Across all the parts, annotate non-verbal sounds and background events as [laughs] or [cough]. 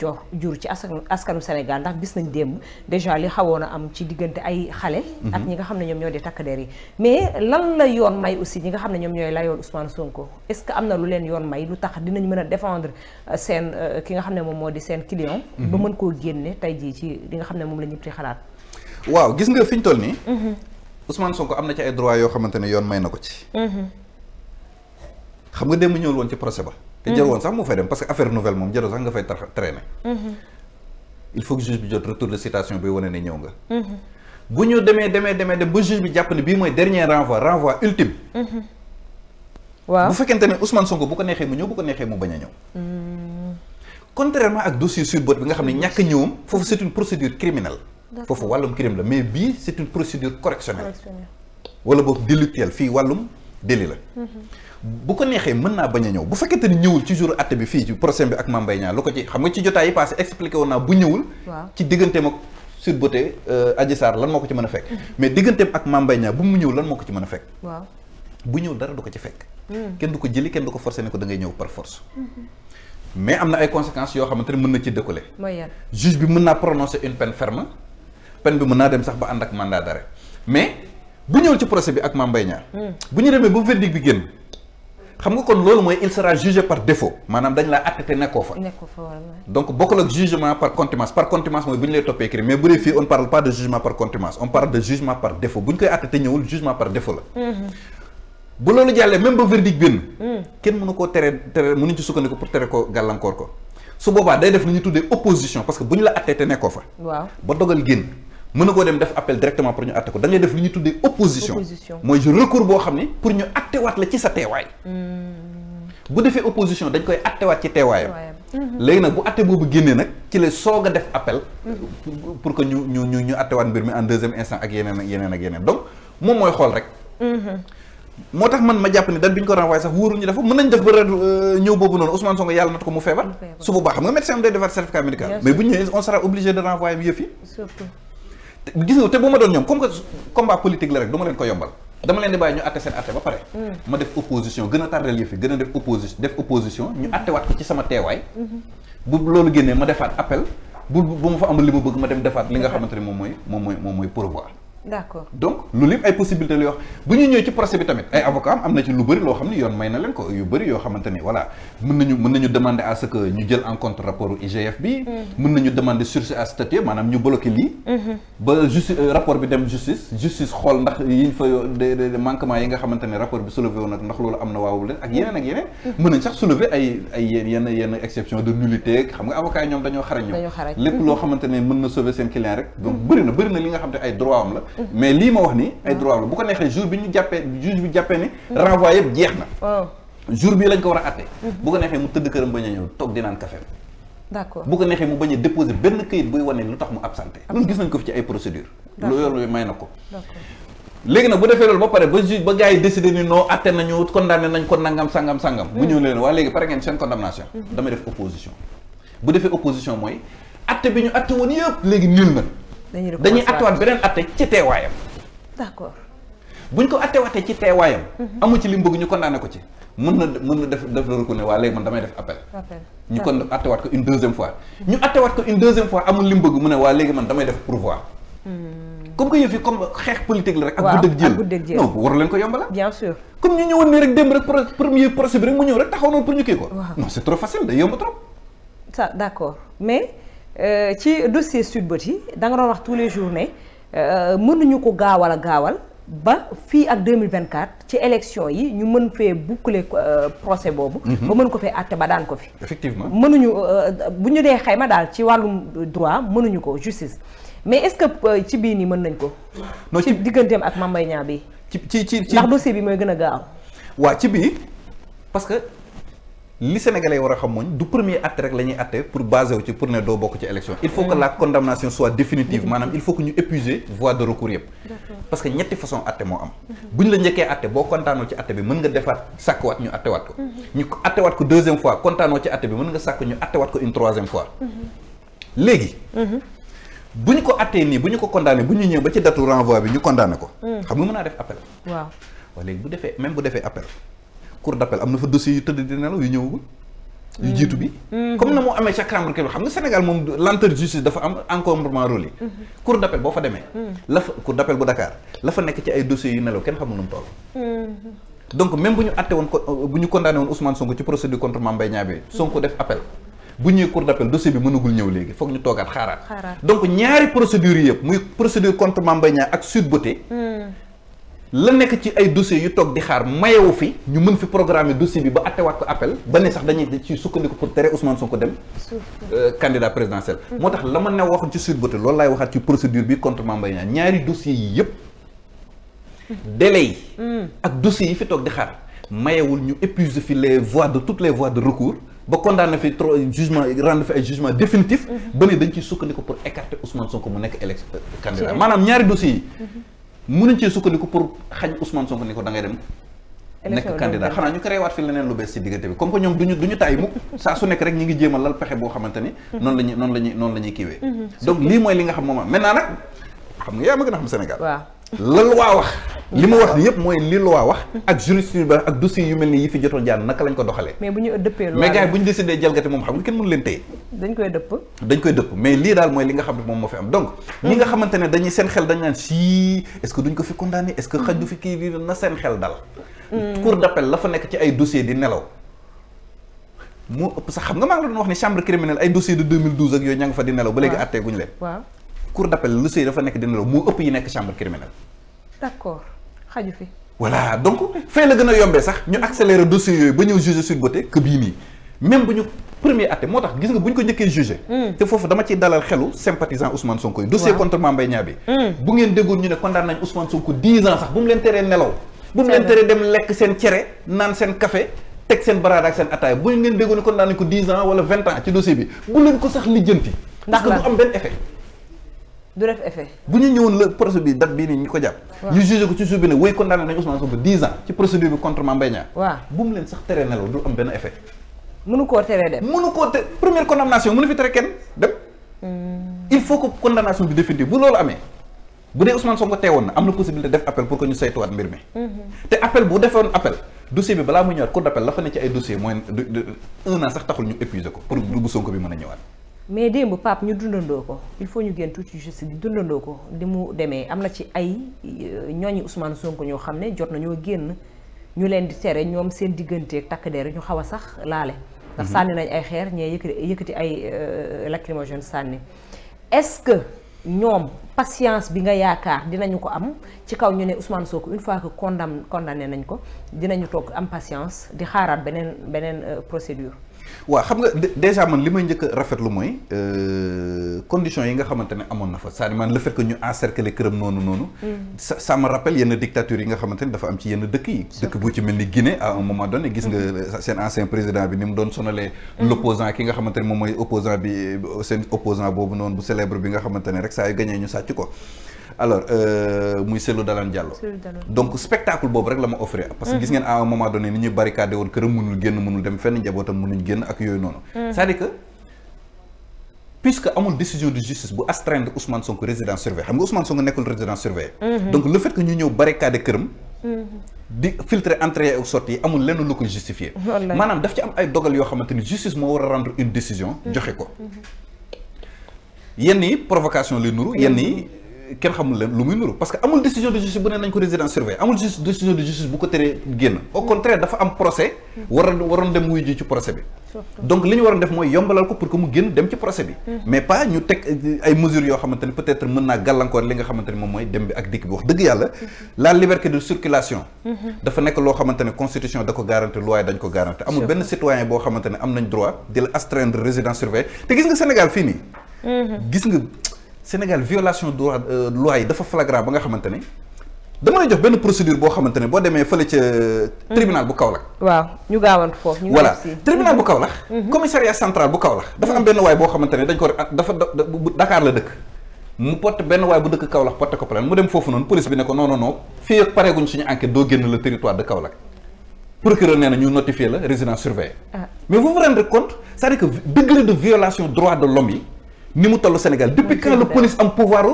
jox jur ci askanu Sénégal ndax gis nañ démb déjà li xawoon a am ci diggante ay xale ak mhm. ñi nga xam ne ñoom ñoo di takk der yi mais lan la yoon may aussi ñi nga xam ne ñoom ñooy layoon Ousmane Sonko est-ce que am na lu leen yoon may lu tax dinañ mën a defendre euh, seen euh, ki nga xam ne moom moo di seen client mhm. ba mën koo génnee tey jii ci li nga xam ne moom la ñëpp di xalaat waaw gis nga fi ñu toll nii mhm. Ousmane Sonko am na ci ay droit yoo xamante ne yoon may na ko ci xam nga démb ñëwul woon ci procès te jarul mm. woon sax moo fay dem parce que affaire nouvelle moom jarul sax nga fay traîner. Mm-hmm. il faut juge bi jot retour de citation bi wane ne ñëw nga. Mm-hmm. bu ñu demee demee demee dem ba juge bi jàpp ne mooy dernier renvoi renvoi ultime. Mm-hmm. bu fekkente ne Ousmane Sonko bu ko neexee mu ñëw bu ko neexee mu bañ a ñëw. Mm. contrairement ak dossier sur bot bi nga xam ne ñàkk a ñëwam foofu c'est une procédure criminelle. foofu wàllum crime la mais bii c'est une procédure déli la bu ko neexee mën naa bañ a ñëw bu fekkente ni ñëwul ci jour àtte bi fii ci procès bi ak Mame lu ko ci xam nga ci jotaay yi passé expliqué woon naa bu ñëwul ci digganteem ak Sweet Beauté euh, lan moo ko ci mën a fekk mm-hmm. mais digganteem ak Mame Mbaye Niang bu mu ñëwul lan moo ko ci mën a fekk bu ñëwul dara du ko ci fekk mm. kenn du ko jëli kenn du ko forcé ne ko da ñëw par force mm-hmm. mais am na ay conséquences yoo xamante ne mën na ci découlé juge bi mën naa prononcer une peine ferme peine bi mën naa dem sax ba ànd ak mandat d'arrêt mais bu ñëwul ci procès bi ak Mame Mbaye Niang bu ñu demee ba verdict bi génn xam nga kon loolu mooy il sera jugé par défaut maanaam dañ laa àtte te nekkoo fa donc bokkul ak jugement par contumace par contumace mooy bu ñu lay toppee crime mais bu dee fii on parle pas de jugement par contumace on parle de jugement par défaut bu ñu koy àtte te ñëwul jugement par défaut la mm-hmm. bu loolu jàllee même ba verdict génn mm. kenn mënu koo teree tere mënuñ ci sukkandiku pour tere ko gàllankoor ko su boobaa day def ñu tuddee opposition parce que bu ñu la àttee te nekkoo fa waaw ba dogal mën na koo dem def appel directement pour ñu àtte ko da ngay def lu ñuy tuddee opposition mooy recours boo xam ne pour ñu àttewaat la ci sa teewaay hmm. bu defee opposition dañ koy àttewaat ci teewaayam mhm. léegi nag bu àtte boobu génnee nag ci la soog a def appel mhm. pour que ñu ñu ñu ñu àttewaat mbir mi en deuxième instant ak yeneen ak yeneen ak yeneen donc moom mooy xool rek mhm. moo tax man ma jàpp ne date bi ñu ko renvoyé sax wóorul ñu dafa mën nañ def ba euh, ñëw boobu noonu gis te bu ma doon ñoom comme que combat politique la rek du ma leen ko yombal dama leen di bàyyi ñu àtte seen àtte ba pare mm. ma def opposition gën a tardel yëf yi gën a def opposition def opposition ñu mm-hmm. àttewaat ko ci sama teewaay mm-hmm. bu loolu génnee ma defaat appel bu bu ma fa amul li ma bëgg ma dem defaat li nga xamante ne moom mooy moom mooy moom mooy pourvoi d'accord donc loolu yëpp ay possibilité la yoo bu ñu ñëwee ci procès bi tamit ay avocat am na ci lu bëri loo xam ne yoon may na leen ko yu bëri yoo xamante ni voilà mën mën nañu demander à que ñu jël en compte rapport IGF mm-hmm. maanaam ñu bloqué lii mm-hmm. ba justice euh, rapport bi dem xool ndax yiñ fa de manquement yi nga xamante ne rapport bi soulevé woon nag ndax loolu am na waawu leen ak yeneen ak yeneen mm-hmm. mën nañ sax soulever ay ay yenn yenn exception de nullité xam nga avocat yi ñoom dañoo xarañ ñoom loo xamante ne mën na sauver seen client rek donc bëri na bëri na li nga xam ne ay droit am la mais lii ma wax ni ay ah. droit la bu ko neexee jour bi ñu jàppee juge bi jàppee ne mm. renvoi yëpp jeex na jour bii lañ ko war a àtte mm-hmm. bu ko neexee mu tëdd këram bañ a ñëw toog di naan café d'accord bu ko neexee mu bañ déposé déposer benn këyit buy wane lu tax mu absenté loolu gis nañ ko fi ci ay procédure loolu yoon may na ko léegi nag bu defee loolu ba pare ba juge ba gars yi décidé ni non atte nañu condamné nañ ko nangam sangam sangam mu mm. ñëw leen waa léegi pare ngeen seen condamnation mm-hmm. damay def opposition bu defee opposition mooy atte bi ñu atte woon yëpp léegi nil na dañuy attewaat beneen atte ci teewaayam. d'accord buñ ko attewaatee ci teewaayam. Mhm. amu ci li bëgg ñu condamné ko ci. mën na mën na def def recours ne waa léegi man damay def appel. ñu kon attewaat ko une deuxième fois. ñu attewaat ko une deuxième fois amul li bëgg mu ne waa léegi man damay def pourvoi. Hmm. comme que yëf yi comme xeex politique la rek. ak guddeeg jël non waru leen ko yombalal. bien comme ñu ñëwoon nii rek démb rek premier procès rek mu ñëw rek taxaw Euh, ci dossier Sweet Beauty da nga doon wax tous les jours ne euh, mënuñu ko gaawal a gaawal ba fii ak 2024 ci élection yi ñu mën fee boucler euh, procès boobu. Mhm. ba mën ko fee àtte ba daan ko fi. effectivement mënuñu bu ñu dee ma daal ci wàllum droit mënuñu ko justice mais est-ce que ci bii nii mën nañ ko. ci digganteem ak Mame Mbaye bi. ci ci ci ndax dossier bi mooy gën a gaaw. waaw ci bii parce que. li sénégalais war a xam mooñ du premier acte rek la ñuy pour baser ci pour ne doo bokk ci élection il faut que la condamnation soit définitive maanaam il faut que ñu épuiser voie de recours yëpp parce que ñetti façon atte moo am bu ñu la njëkkee atte boo kontaanoo ci atte bi mën nga defaat sàkkwaat mhm. ñu attewaat ko ko deuxième fois kontaanoo ci atte bi mën nga sàkk ñu attewaat ko une troisième fois mhm. léegi mhm. bu ñu ko attee nii bu ñu ko condamné bu ñu ñëw ba ci datu renvoi bi ñu cour d'appel am na fa dossier yu tëdd di nelaw yu ñëwagul. yu jiitu bi. Mm-hmm. comme na moo amee ca Chambre kii xam nga Sénégal moom lenteur justice dafa am encombrement rôle yi. Mm-hmm. cour d'appel boo fa demee. Mm-hmm. la fa d'appel bu nekk ci ay dossiers yu nelaw kenn xamul nu mu toll. donc même bu ñu àtte woon ko euh, bu ñu condamné woon Ousmane Sonko ci procédure contre Mame bi Sonko def appel. bu ñëwee cour d'appel dossier bi mënagul ñëw léegi foog ñu toogaat xaaraat la nekk ci ay dossiers yu toog di xaar mayewu fi ñu mën fi programmer dossier bi ba attewaat ko appel ba ne sax dañuy ci sukkandiku pour tere Ousmane Sonko dem euh, candidat présidentiel mm-hmm. moo tax la ma ne waxoon ci Sweet Beauté loolu laay waxaat ci procédure bi contre Mame Mbaye Niang ñaari dossiers yi yëpp délai yi mm-hmm. ak yi fi toog di xaar mayewul ñu épuiser fi les voies de toutes les voies de recours ba condamné fi trop jugement rendre fi ay jugement définitif mm-hmm. ba dañ ciy sukkandiku pour écarter Ousmane Sonko mu nekk élection euh, candidat maanaam ñaari dossiers yi mënuñ cee sukkandiku pour xañ Ousmane Sonko ni ko da ngay dem nekk candidat xanaa ñu créé waat fi leneen lu bees ci diggante bi comme que ñoom duñu du ñu tàyyi mukk saa su nekk rek ñi ngi jéem a lal pexe boo xamante ni mhm. noonu la ñu noonu la kiiwee mhm. donc lii mooy li nga xam moom maintenant nag xam nga yaa ma gën a xam Sénégal la loi wax li mu wax yëpp mooy li loi wax ak jurisprudence ak dossier yu mel ni yi fi jotoon jaan naka lañ ko doxalee mais bu ñu dëppee mais gars yi bu ñu décidé jalgati moom xam nga kenn mënu leen dañ koy dëpp dañ koy dëpp mais lii daal mooy li nga xam ne moom moo fi am donc ñi nga xamante ne dañuy seen xel dañ naan si est ce que duñ ko fi condamné est ce xaj du fi kii di na seen xel dal hmm. cour d'appel la fa nekk ci ay dossier di nelaw moo ëpp sax xam nga maa ngi la cour d'appel lu sëy dafa nekk dina la moo ëpp yi nekk chambre criminelle. d'accord xaju fi. voilà donc fee la gën a yombee sax ñu accélérer dossiers yooyu ba ñëw juger sur beauté que bii nii même bu ñu premier atte moo tax gis nga bu ñu ko njëkkee jugé. Hmm. te foofu dama ciy dalal xelu sympathisant Ousmane Sonko yi. dossier contre Mame Mbaye Niang bi. Hmm. bu ngeen déggoon ñu ne condamné nañ Ousmane Sonko 10 ans sax bu mu leen teree nelaw. bu mu leen teree dem lekk seen cere naan ko 10 ans wala 20 du def effet. bu ñu ñëwoon la procès bi date bii nii ñu ko jàpp. ñu jugé ko ci suuf bi ne wéy condamné nañu Ousmane Sonko 10 ans ci procédure bi contre Mame Mbaye Niang. bu mu leen sax tere nelaw du am benn effet. mënu koo teree dem mënu koo te première condamnation mënu fi tere kenn dem. Hmm. il faut que condamnation bi définitive bu loolu amee. bu dee Ousmane Sonko teewoon na am na possibilité def appel pour que ñu saytuwaat mbir mi. Hmm. te appel bu defoon appel. dossier bi balaa muy ñëwaat cour d'appel la fa ko pour bu Sonko bi mën a ñëwaat. mais démb Pape ñu dundandoo ko il faut ñu génn tuuti justice bi dundandoo ko li mu demee am na ci ay euh, ñooñi Ousmane Sonko ñoo xam ne jot nañoo génn ñu leen di tere ñoom seen digganteeg takk der ñu xaw a sax laale. ndax mhm. sànni nañ ay xeer ñee yëkkati yëkkati ay euh, lacrymogène sànni est-ce que ñoom patience bi nga yaakaar dinañu ko am ci kaw ñu ne Ousmane Sonko une fois que condamné nañ ko dinañu toog am patience di xaaraat beneen beneen euh, procédure. waaw xam nga déjà man li may njëkk a rafetlu mooy euh, conditions yi nga xamante ne amoon na fa cest à man le fait que ñu encercler këram noonu noonu. Mm. ça ça me rappelle yenn dictature yi nga xamante ne dafa am ci yenn dëkk yi. dëkk bu ci mel ni Guinée à un moment donné gis nga mm-hmm. seen ancien président bi ni mu doon sonalee. Mm-hmm. l'opposant ki nga xamante ne moom mooy opposant bi seen opposant boobu noonu bu célèbre bi nga xamante ne rek saa yu gagné ñu sàcc ko. alors euh, muy Cellou Dalein Diallo donc spectacle boobu rek la ma offrir parce que gis ngeen à un moment donné ni ñuy barricadé woon këram mënul génn mënul dem fenn njabootam mënuñ génn ak yooyu noonu mm. cest à que puisque amul décision de justice bu astreindre Ousmane Sonko résidence surveillée xam nga Ousmane Sonko nekkul résidence surveillée mm-hmm. donc le fait que ñu ñëw barricadé këram mm-hmm. di filtre entrée ak sortie yi amul lenn lu ko justifier maanaam daf ci am ay dogal yoo xamante ni justice moo war a rendre mm-hmm. joxe ko yenn yi provocation lay nuru kenn xamul lu muy nuru parce que amul décision de justice bu ne nañ ko résidence surveillée amul décision de justice bu ko teree génn au mm. contraire dafa am procès waroon dem wuy ji procès bi donc li ñu waroon def mooy yombalal ko pour que mu génn dem ci procès bi mm. mais pas ñu teg ay mesures yoo xamante peut-être mën naa gàllankoor li nga xamante moom mooy dem bi ak dikk bi wax dëgg yàlla mm-hmm. la liberté de circulation mm-hmm. dafa nekk loo xamante ne Sénégal violation droit euh, loi yi dafa flagrant ba nga xamante ne dama lay jox benn procédure boo xamante ne boo demee fële ca. Euh, hmm. tribunal bu Kaolack. waaw ñu gaawantu foofu. ñu voilà tribunal bu Kaolack. Hmm. Hmm. boo xamante ne foofu noonu police bi ne ko non non non fii ak pareeguñ suñu enquête doo génn le territoire de Kaolack. procureur nee na ñu notifier la résidence surveillée. Ah. mais vous vous rendez compte c'est-à-dire de violation droit de l'homme yi. ni mu toll Sénégal depuis quand le police am pouvoir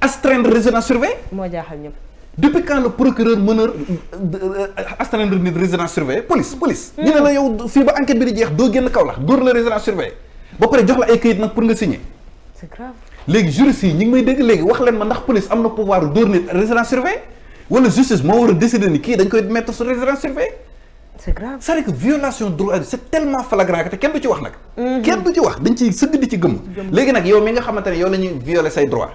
astreindre résidence surveillée. moo jaaxal ñëpp. procureur mën euh, a nit résidence surveillée police police. Hmm. ñu ne la yow fii ba enquête bi di jeex doo génn Kaolack dóor la résidence surveillée ba pare jox la ay kayit nag pour nga signer. c'est léegi juristes yi ñu ngi may dégg léegi wax leen ma ndax police am na pouvoir dóor nit résidence surveillée wala justice moo war a décider kii dañ koy mettre sur résidence surveillée. c'est grave c'est-à-dire que violation droit c'est tellement flagrant que te kenn du ci wax nag. Mhm. kenn du ci wax dañ ci sëgg di ci gëm. léegi nag yow mi nga xamante ne yow la ñuy violer say droit.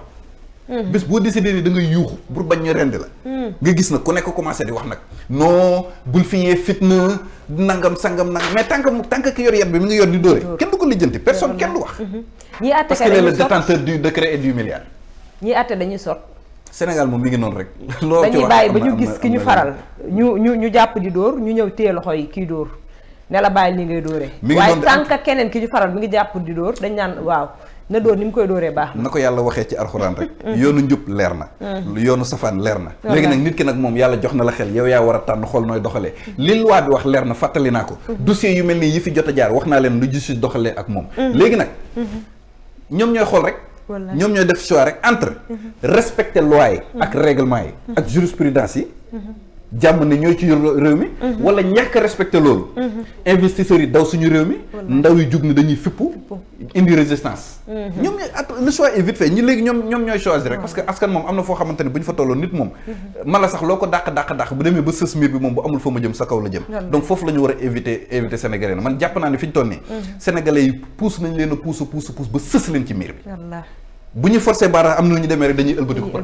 Mhm. bis boo décidé ni da ngay yuuxu pour bañ ñu rend la. Mhm. nga gis nag ku nekk commencé di wax nag non bul fiñee fitna nangam sangam nangam mais tant que tant que ki yor yat bi mi ngi yor di dóore kenn du ko lijjanti personne kenn du wax. ñii àtte dañuy sot Sénégal moom mi ngi noonu rek. [laughs] loo ci dañuy bàyyi ba ñu gis ki ñu faral ñu ñu ñu jàpp di dóor ñu ñëw téye loxo yi kii dóor ne la bàyyi li ngay dóoree. mi ngi waaye tànk keneen ki ñu faral mi ngi jàpp di dóor dañ naan waaw. na doon ni mu koy dooree baax na ko yàlla waxee ci alxuraan rek [laughs] mm. yoonu njub leer na mm. yoonu safaan leer na léegi nag nit ki nag moom yàlla jox na la xel yow yaa war a tànn xool nooy doxalee mm. li loi bi wax leer na fàttali naa ko mm-hmm. dossier yu mel nii yi fi jot a jaar wax naa leen lu justice doxalee ak moom mm-hmm. léegi nag mm-hmm. ñoom ñooy xool rek ñoom ñooy def choix rek entre mhm. respecter loi yi ak mhm. règlement yi ak mhm. jurisprudence yi jàmm ne ñooy ci réew mi wala ñàkk respecter loolu investisseurs yi daw suñu réew mi ndaw yu jug ni dañuy fippu indi résistance. Mhm. ñoom ñooy le choix est vite fait ñi léegi ñoom ñoom ñooy choisir rek. Mhm. parce que askan moom am na foo xamante bu ñu fa tolloon nit moom. Mhm. mala sax loo ko dàq dàq dàq bu demee ba sës miir bi moom bu amul fa ma jëm sa kaw la jëm. donc foofu la war a éviter éviter sénégalais na man jàpp naa ne fi ñu toll nii. sénégalais yi pousse nañ leen a pousse pousse pousse ba sës leen ci miir bi. bu ñu forcé baara am na lu demee rek dañuy ëlbatiku pour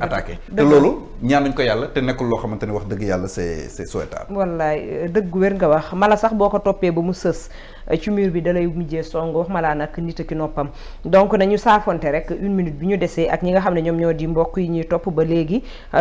ñaan ñaanuñ ko yàlla te nekkul loo xamante ne wax dëgg yàlla c'est c'est souhaitable. wallaay dëgg wér nga wax mala sax boo ko toppee ba mu sës ci mur bi dalay mujjee song wax malaa nag nit ak noppam donc nañu saafonte rek une minute bi ñu desee ak ñi nga xam ne ñoom ñoo di mbokk yi ñuy topp ba léegi